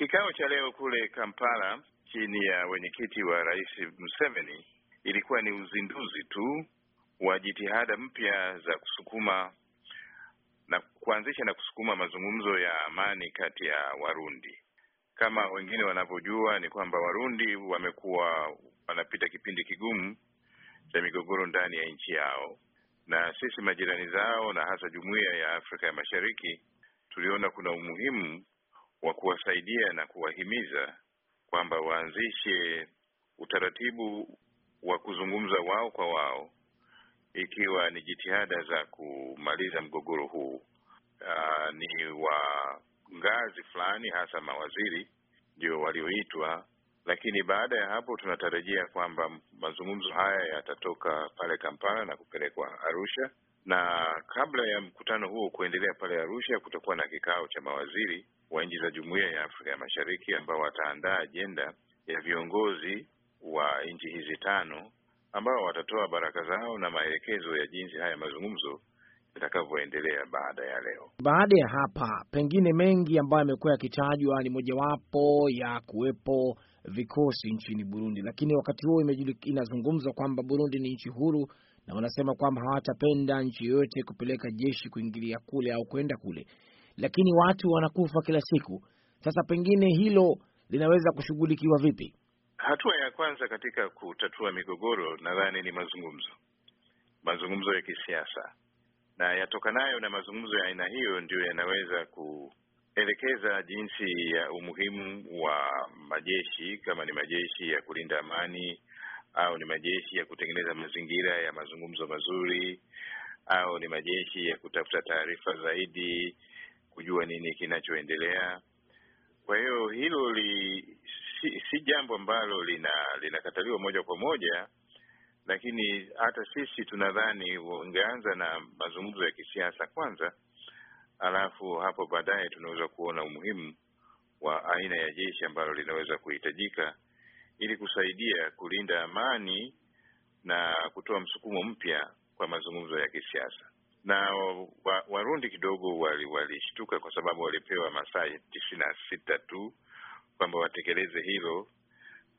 Kikao cha leo kule Kampala chini ya wenyekiti wa Rais Museveni ilikuwa ni uzinduzi tu wa jitihada mpya za kusukuma na kuanzisha na kusukuma mazungumzo ya amani kati ya Warundi. Kama wengine wanavyojua ni kwamba Warundi wamekuwa wanapita kipindi kigumu cha migogoro ndani ya nchi yao, na sisi majirani zao na hasa Jumuiya ya Afrika ya Mashariki tuliona kuna umuhimu wa kuwasaidia na kuwahimiza kwamba waanzishe utaratibu wa kuzungumza wao kwa wao, ikiwa ni jitihada za kumaliza mgogoro huu. Uh, ni wa ngazi fulani, hasa mawaziri ndio walioitwa, lakini baada ya hapo tunatarajia kwamba mazungumzo haya yatatoka pale Kampala na kupelekwa Arusha, na kabla ya mkutano huo kuendelea pale Arusha, kutakuwa na kikao cha mawaziri wa nchi za Jumuiya ya Afrika ya Mashariki ambao wataandaa ajenda ya viongozi wa nchi hizi tano ambao watatoa baraka zao na maelekezo ya jinsi haya mazungumzo yatakavyoendelea baada ya leo. Baada ya hapa, pengine mengi ambayo yamekuwa yakitajwa ni mojawapo ya kuwepo vikosi nchini Burundi, lakini wakati huo inazungumzwa kwamba Burundi ni nchi huru na wanasema kwamba hawatapenda nchi yoyote kupeleka jeshi kuingilia kule au kwenda kule lakini watu wanakufa kila siku. Sasa pengine hilo linaweza kushughulikiwa vipi? Hatua ya kwanza katika kutatua migogoro nadhani ni mazungumzo, mazungumzo ya kisiasa, na yatokanayo na mazungumzo ya aina hiyo ndiyo yanaweza kuelekeza jinsi ya umuhimu wa majeshi, kama ni majeshi ya kulinda amani au ni majeshi ya kutengeneza mazingira ya mazungumzo mazuri au ni majeshi ya kutafuta taarifa zaidi kujua nini kinachoendelea. Kwa hiyo hilo li, si, si jambo ambalo linakataliwa lina moja kwa moja, lakini hata sisi tunadhani ungeanza na mazungumzo ya kisiasa kwanza, alafu hapo baadaye tunaweza kuona umuhimu wa aina ya jeshi ambalo linaweza kuhitajika ili kusaidia kulinda amani na kutoa msukumo mpya kwa mazungumzo ya kisiasa na wa, Warundi kidogo walishtuka wali kwa sababu walipewa masaa tisini na sita tu kwamba watekeleze hilo.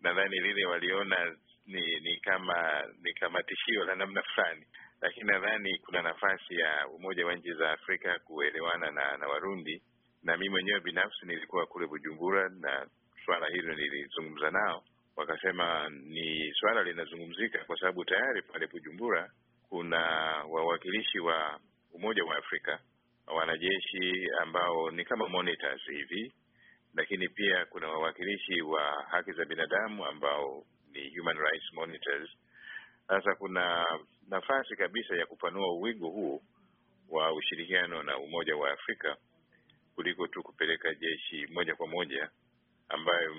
Nadhani lile waliona ni, ni kama ni kama tishio la namna fulani, lakini nadhani kuna nafasi ya Umoja wa Nchi za Afrika kuelewana na, na Warundi na mi mwenyewe binafsi nilikuwa kule Bujumbura na swala hilo nilizungumza nao, wakasema ni swala linazungumzika kwa sababu tayari pale Bujumbura kuna wawakilishi wa Umoja wa Afrika, wanajeshi ambao ni kama monitors hivi, lakini pia kuna wawakilishi wa haki za binadamu ambao ni human rights monitors. Sasa kuna nafasi kabisa ya kupanua uwigo huu wa ushirikiano na Umoja wa Afrika kuliko tu kupeleka jeshi moja kwa moja ambayo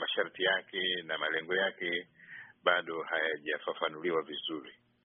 masharti yake na malengo yake bado hayajafafanuliwa vizuri.